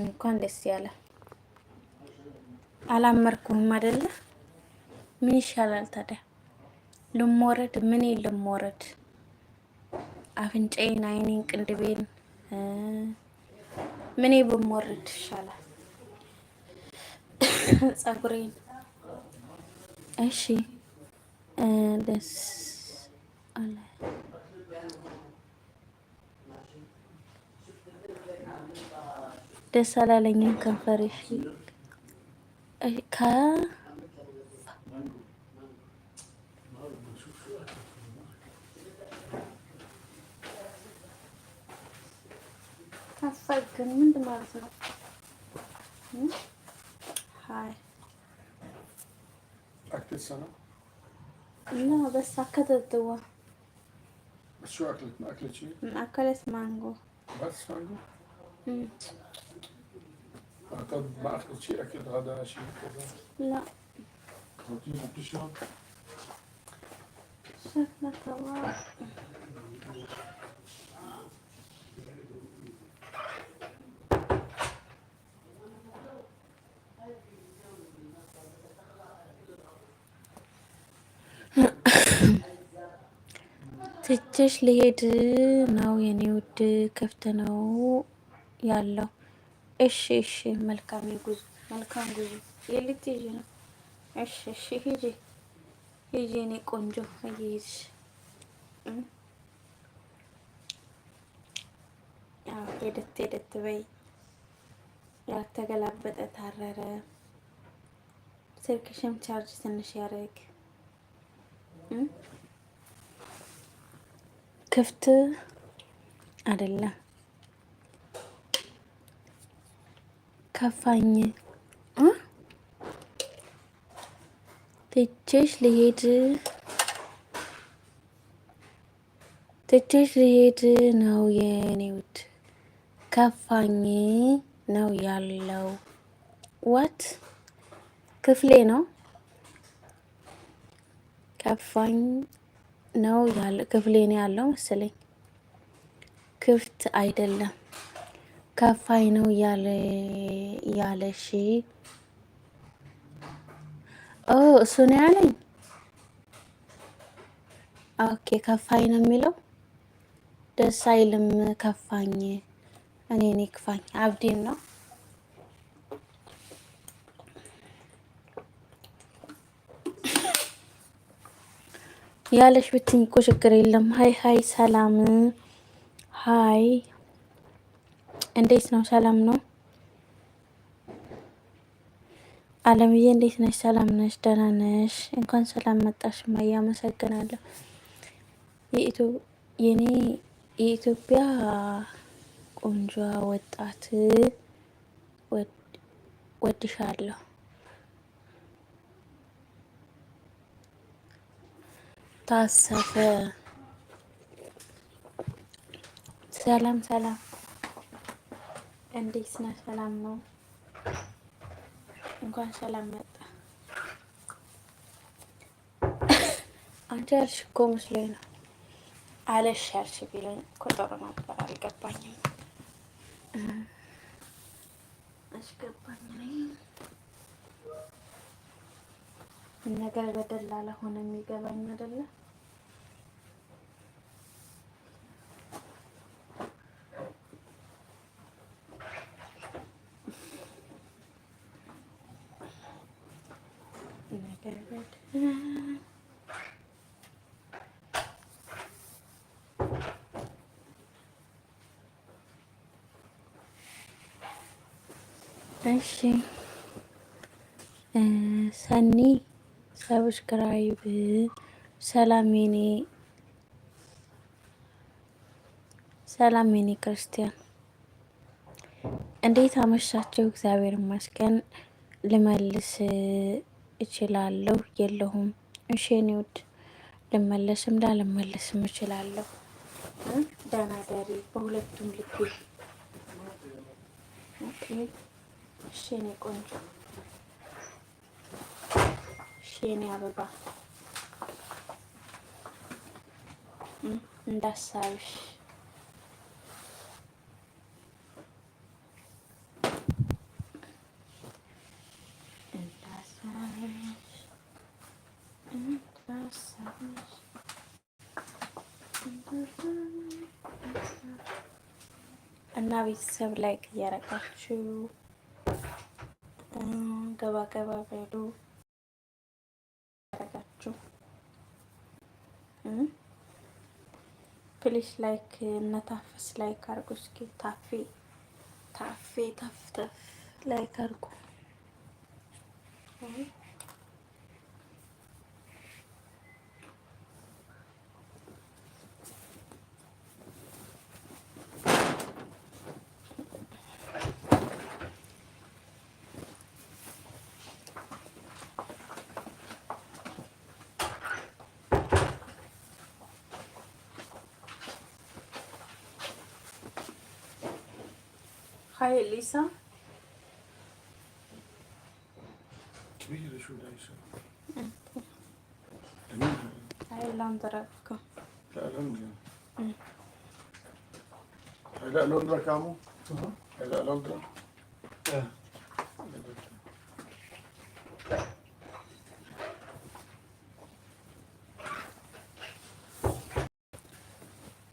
እንኳን ደስ ያለ። አላመርኩም አይደለ? ምን ይሻላል ታዲያ? ልሞረድ ምን ልሞረድ? አፍንጫዬን፣ አይኔን፣ ቅንድቤን ምኔ ብሞረድ ይሻላል? ጸጉሬን እሺ ደስ አለ ደስ አላለኝም ከንፈርሽ ግን ምንድን ማለት ነው? እና በስ አከተትዋ ማንጎ طب ما اخذت شيء اكل غدا شيء كذا لا روتين وبتشرب شفنا طواف ትቼሽ ልሄድ ነው የኔ ውድ ክፍት ነው ያለው እሺ፣ እሺ፣ መልካም ጉዞ፣ መልካም ጉዞ። የልት ነው። እሺ፣ እሺ፣ ሂጂ፣ ሂጂ፣ እኔ ቆንጆ እየሄድሽ ያው ሄደት ሄደት በይ። ያልተገላበጠ ታረረ። ስልክሽም ቻርጅ ትንሽ ያደርግ። ክፍት አይደለም። ከፋኝ ትቼሽ ልሄድ ትቼሽ ልሄድ ነው የኔውድ ከፋኝ ነው ያለው። ዋት ክፍሌ ነው ከፋኝ ነው ያለ ክፍሌ ነው ያለው መሰለኝ። ክፍት አይደለም ከፋይ ነው ያለሽ? ኦ እሱ ነው ያለኝ። ኦኬ ከፋኝ ነው የሚለው። ደስ አይልም። ከፋኝ እኔ ኔ ክፋኝ አብዲን ነው ያለሽ ብትኝ እኮ ችግር የለም። ሀይ ሀይ፣ ሰላም ሀይ እንዴት ነው? ሰላም ነው? አለምዬ እንዴት ነሽ? ሰላም ነሽ? ደህና ነሽ? እንኳን ሰላም መጣሽ ማያ፣ አመሰግናለሁ። የኔ የኢትዮጵያ ቆንጆ ወጣት ወድሻለሁ። ታሰፈ ሰላም ሰላም እንዴት ነህ? ሰላም ነው? እንኳን ሰላም መጣ። አንቺ ያልሽ እኮ መስሎኝ ነው። አለሽ ያልሽ ቢለኝ እኮ ጥሩ ነበር። አልገባኝም፣ አስገባኝ ነገር በደላላ ሆነ የሚገባኝ አይደለም። እሺ ሰኒ ሰብስክራይብ ሰላም የኔ ሰላም የኔ ክርስቲያን እንዴት አመሻችሁ? እግዚአብሔር ይመስገን ልመልስ እችላለሁ የለሁም። እሺ የኔ ውድ ልመለስም ላልመለስም እችላለሁ። ደህና ደሪ በሁለቱም ልክ። እሺ የኔ ቆንጆ፣ እሺ የኔ አበባ እንዳሳብሽ ቤተሰብ ላይክ እያረጋችሁ ገባ ገባ በሉ ያረጋችሁ ፕሊስ ላይክ እነታፈስ ላይክ አርጉ። እስኪ ታፌ ታፌ ታፍተፍ ላይክ አርጉ። Hi, Elisa.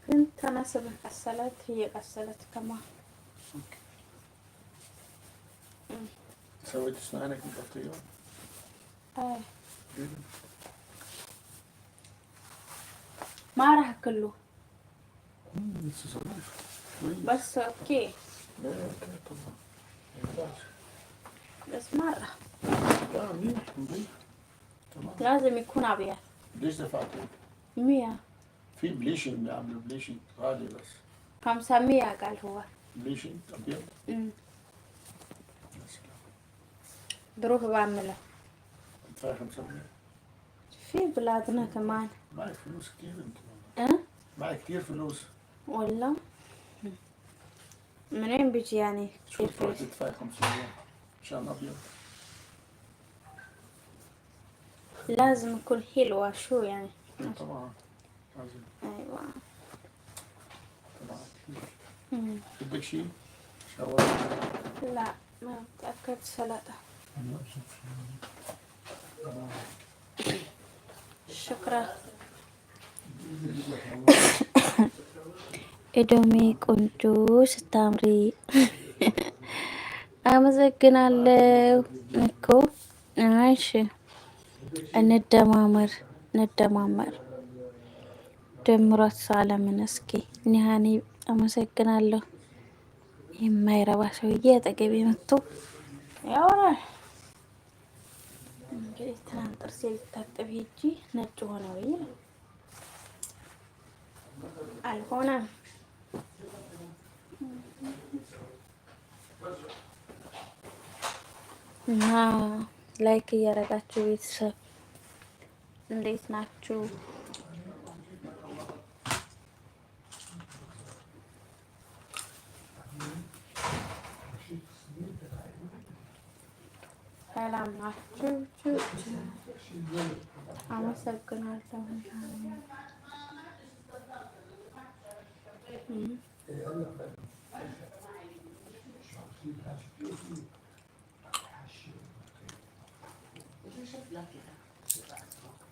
ግን ተነስ ብንቀሰለት እየቀሰለት ከማ So it's nine, I can go to you. ማራህ ክሉ በስ ኦኬ ስማራ لازم يكون ابيض ليش دفعت 100 في بليشنج بيعملوا بليشنج غالي بس 500 قال هو بليشنج ابيض ظروف بعمله طيب، في بلادنا كمان معك فلوس كتير انت أه؟ معك كتير فلوس والله منين بيجي يعني كتير فلوس تدفعي 500 مشان ابيض لازم يكون حلوة شو يعني إيه، طبعا لازم ايوه طبعا بدك شيء؟ لا ما بتأكد سلطة ኤዶሜ ቆንጆ ስታምሪ አመሰግናለሁ እኮ። እሺ እንደማመር እንደማመር ደምሯት ሳለምን እስኪ ኒሃኔ አመሰግናለሁ። የማይረባ ሰውዬ አጠገቤ መጥቶ ያወራል። እንግዲህ ትናንት ጥርሴ ልታጥብ ሄጂ ነጭ ሆነ ወይ አልሆነም። እና ላይክ እያደረጋችሁ ቤተሰብ እንዴት ናችሁ? ሰላም ናችሁ? አመሰግናለሁ።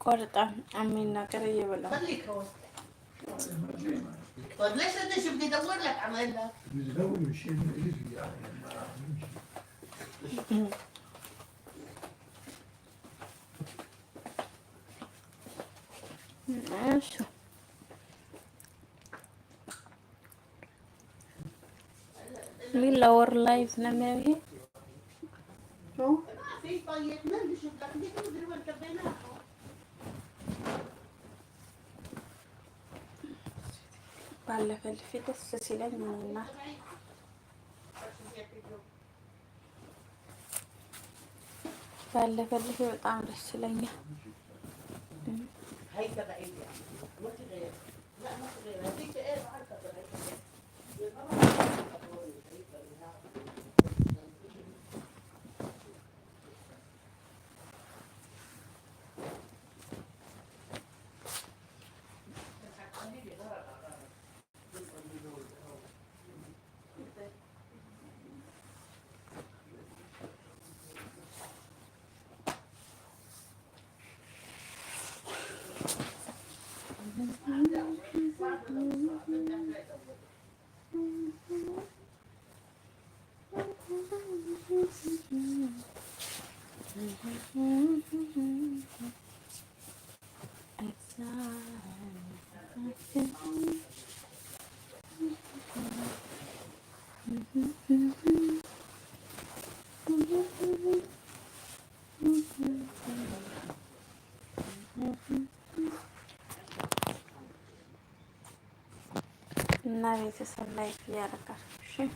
ቆርጣ አሜን ነገር እየበላ እሱ ሚላ ወር ላይቭ ነው የሚያየው። ባለፈ ልፊ ደስ ሲለኝ ነውና ባለፈ ልፊ በጣም ደስ ይለኛል። እና ቤተሰብ ላይክ እያደረጋችሁ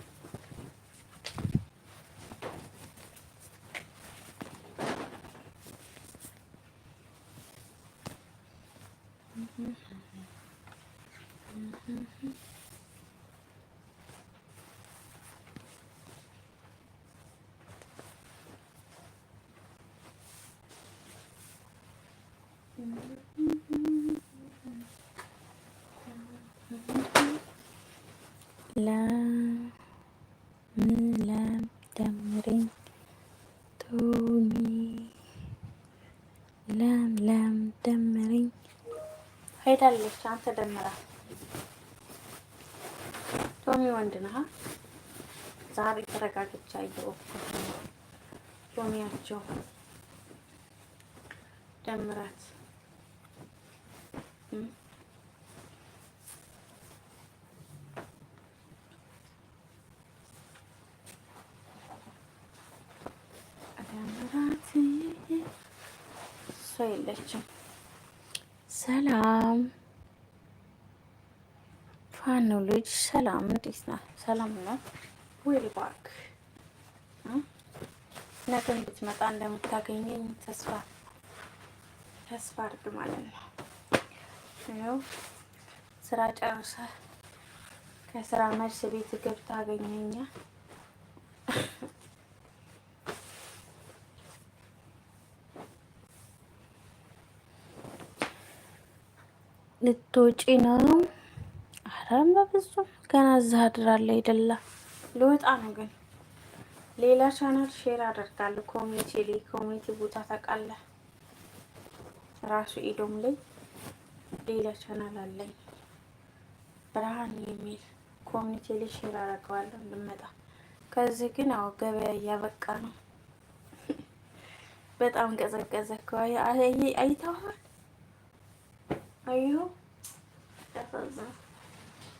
ላምላም ደምሬኝ ቶሚ ለም ደምሬኝ ሄዳለች። አንተ ደምራ ቶሚ ወንድ ነህ። ዛሬ ተረጋግቻ አየሁ። ቶሚያቸው ደምራት የለችም። ሰላም ፋኖ ልጅ ሰላም፣ እንዴት ነህ? ሰላም ነው ዌል ባክ ነገ ብትመጣ እንደምታገኘኝ ተስፋ ተስፋ አድርግ ማለት ነው። ይኸው ስራ ጨርሰህ ከስራ መልስ ቤት ገብታ አገኘኛ ልትወጪ ነው? አረም በፍጹም ገና እዛ አድራለ አይደለ? ልወጣ ነው ግን ሌላ ቻናል ሼር አደርጋለሁ። ኮሚኒቲ ላይ ኮሚኒቲ ቦታ ታውቃለህ፣ ራሱ ኢዶም ላይ ሌላ ቻናል አለኝ ብርሃን የሚል ኮሚኒቲ ላይ ሼር አደርገዋለሁ እንድመጣ። ከዚህ ግን አዎ ገበያ እያበቃ ነው። በጣም ቀዘቀዘ እኮ አየሁ ያሳዝናል።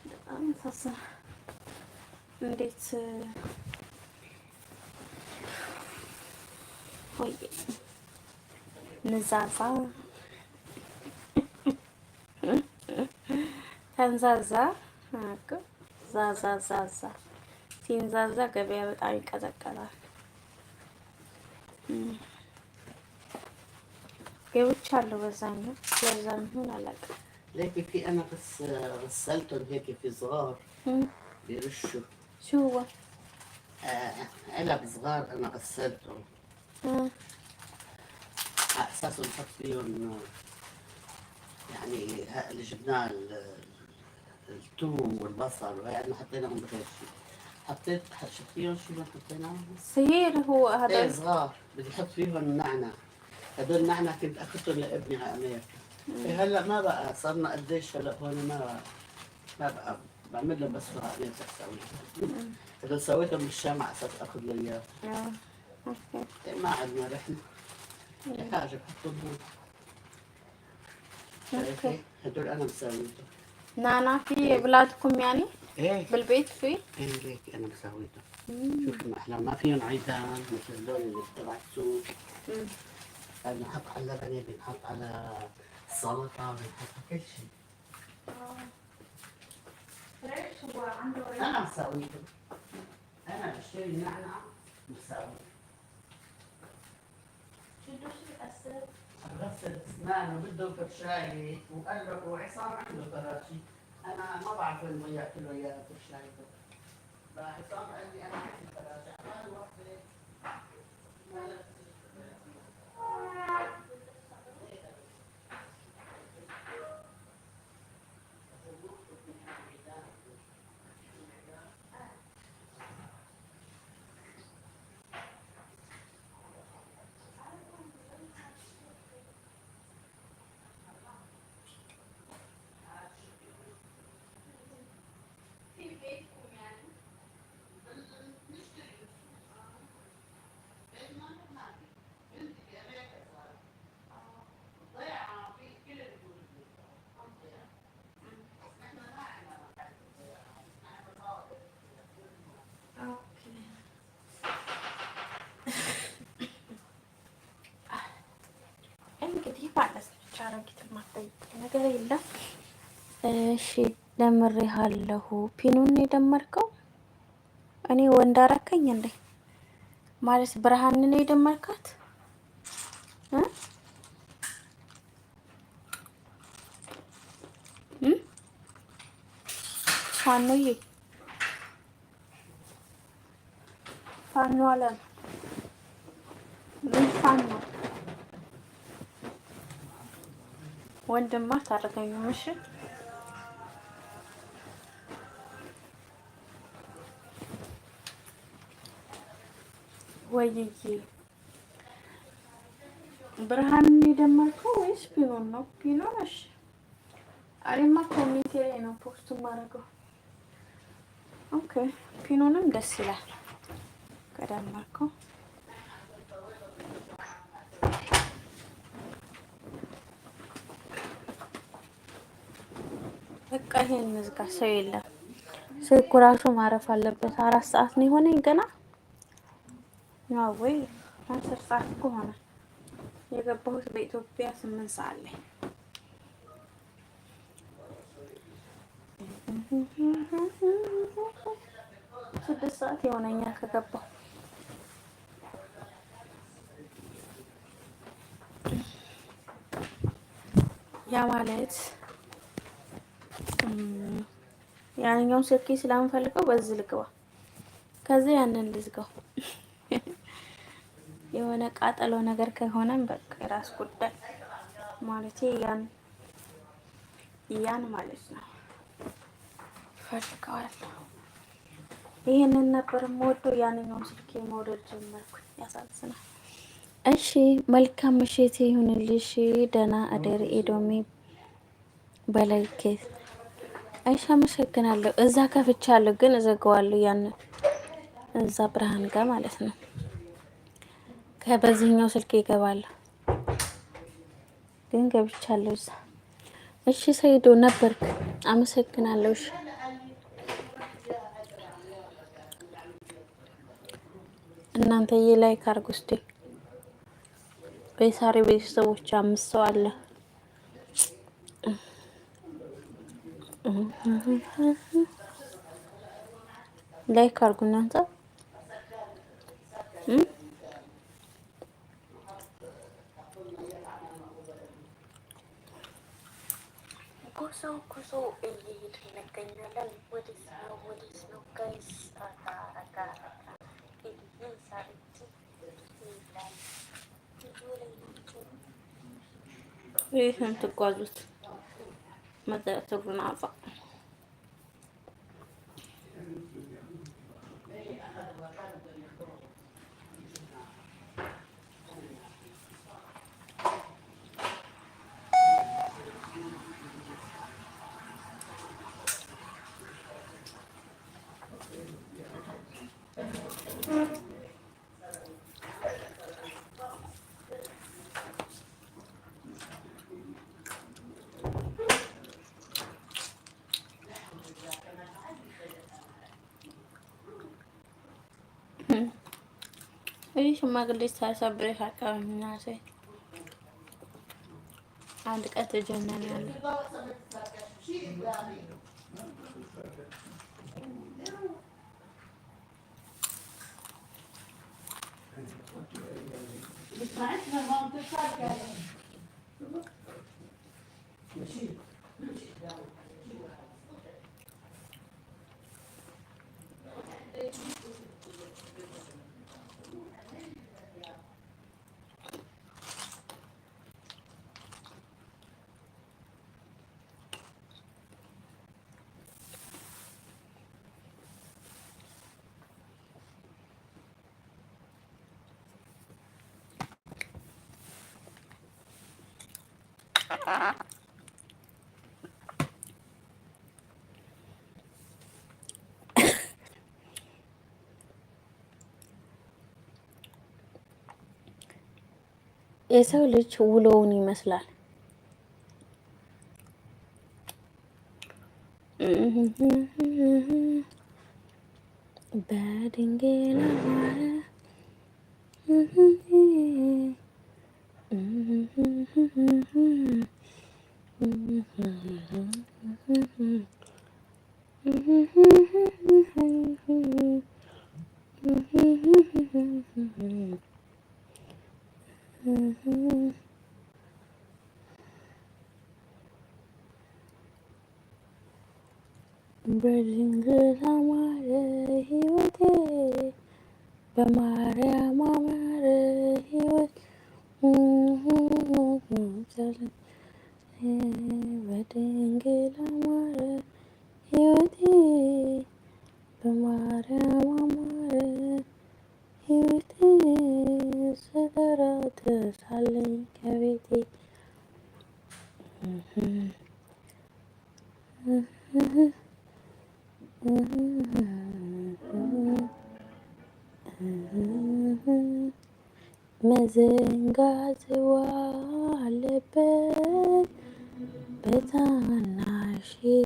በጣም ያሳዝናል። እንዴት ወይ ንዛዛ ተንዛዛ ሲንዛዛ ገበያ በጣም ይቀዘቀዛል። ገብቻለሁ። በዛኛው ለዛም ይሁን አላውቅም። لكن في انا بس غسلتهم هيك في صغار برشوا شو هو؟ علب صغار انا غسلته على اساس نحط فيهم يعني اللي جبناه الثوم والبصل وهي انا حطيناهم بغير شيء حطيت شفت فيهم شو ما حطيناهم؟ صغير هو هذا صغار بدي احط فيهم نعناع هدول نحن كنت اخذتهم لابني على امريكا إيه، هلا ما بقى صرنا قديش هلا هون ما بقى. ما بقى بعمل لهم بس رقبين تسويهم هدول سويتهم بالشمع على اساس اخذ لي اياه آه، إيه، ما عندنا رحله إيه، حاجه بحطهم هون هدول انا مساويتهم نانا في بلادكم يعني؟ ايه بالبيت في؟ ايه ليك انا مسويتهم شوفي ما احلى ما فيهم عيدان مثل هذول اللي تبع السوق بنحط على اللبنه بنحط على السلطة بنحط على كل شيء فريش هو عنده أنا مسويته أنا بشتري النعنع مسويه شو الأسر؟ غسل أسنانه بده فرشاية وقال له وعصام عنده فراشي أنا ما بعرف وين ضيعت له إياها فرشايته فعصام قال لي أنا عندي فراشي أعطاني وحدة አረጊት የማትጠይቅ ነገር የለም። እሺ ፒኑን የደመርከው እኔ ወንድ አረከኝ እንዴ? ማለት ነው የደመርካት ፋኖዬ ፋኖ አለ ወንድማ ታደርገኝም። እሺ ወይዬ ብርሃንን የደመርከው ወይስ ቢሆን ነው? ቢሆን እሺ። አሬማ ኮሚቴ ላይ ነው ፖስቱ ማድረገው። ኦኬ ፒኖንም ደስ ይላል ከደመርከው በቃ ይሄን እንዝጋ። ሰው የለም። ስልኩ ራሱ ማረፍ አለበት። አራት ሰዓት ነው የሆነኝ ገና። ወይ አስር ሰዓት እኮ ሆነ የገባሁት በኢትዮጵያ ስምንት ሰዓት ላይ ስድስት ሰዓት የሆነኛል ከገባሁ ያ ማለት ያንኛውን ስልኬ ስለምፈልገው በዚህ ልግባ፣ ከዚህ ያንን ልዝጋው። የሆነ ቃጠሎ ነገር ከሆነም በቃ የራስ ጉዳይ ማለት ያን ያን ማለት ነው ፈልገዋል። ይህንን ነበር የምወደው። ያንኛውን ስልኬ መውደድ ጀመርኩኝ። ያሳዝናል። እሺ መልካም ምሽት ይሁንልሽ። ደህና አደር። ኤዶሜ በላይ ኬስ አይሻ አመሰግናለሁ። እዛ ከፍቻለሁ ግን እዘጋዋለሁ። ያን እዛ ብርሃን ጋር ማለት ነው። ከበዚህኛው ስልክ ይገባል ግን ገብቻለሁ እዛ። እሺ ሰይዶ ነበርክ። አመሰግናለሁ። እሺ እናንተ የላይክ አድርጉ እስቲ። በሳሪ ቤተሰቦች አምስት ሰው አለ። ላይክ አድርጉ እናንተ ጉዞ ጉዞ እየሄድ እንገኛለን። ወዴት ነው? ወዴት ነው? ጋይስ አራጋ ይህ የምትጓዙት また遅くなさ。ይህ ሽማግሌ ሳያሳብሬ አካባቢ ምናሴ አንድ ቀን ተጀመረ ያለ Thank የሰው ልጅ ውሎውን ይመስላል። በድንጌላ Bridging la mare hiwate Pa mare ama mare hiwate Mm-hmm. በድንግል አማረ ሕይወቴ በማርያም አማረ ሕይወቴ ስጠራ ትሳለኝ ከቤቴ መዘንጋት ዝዋ better and I she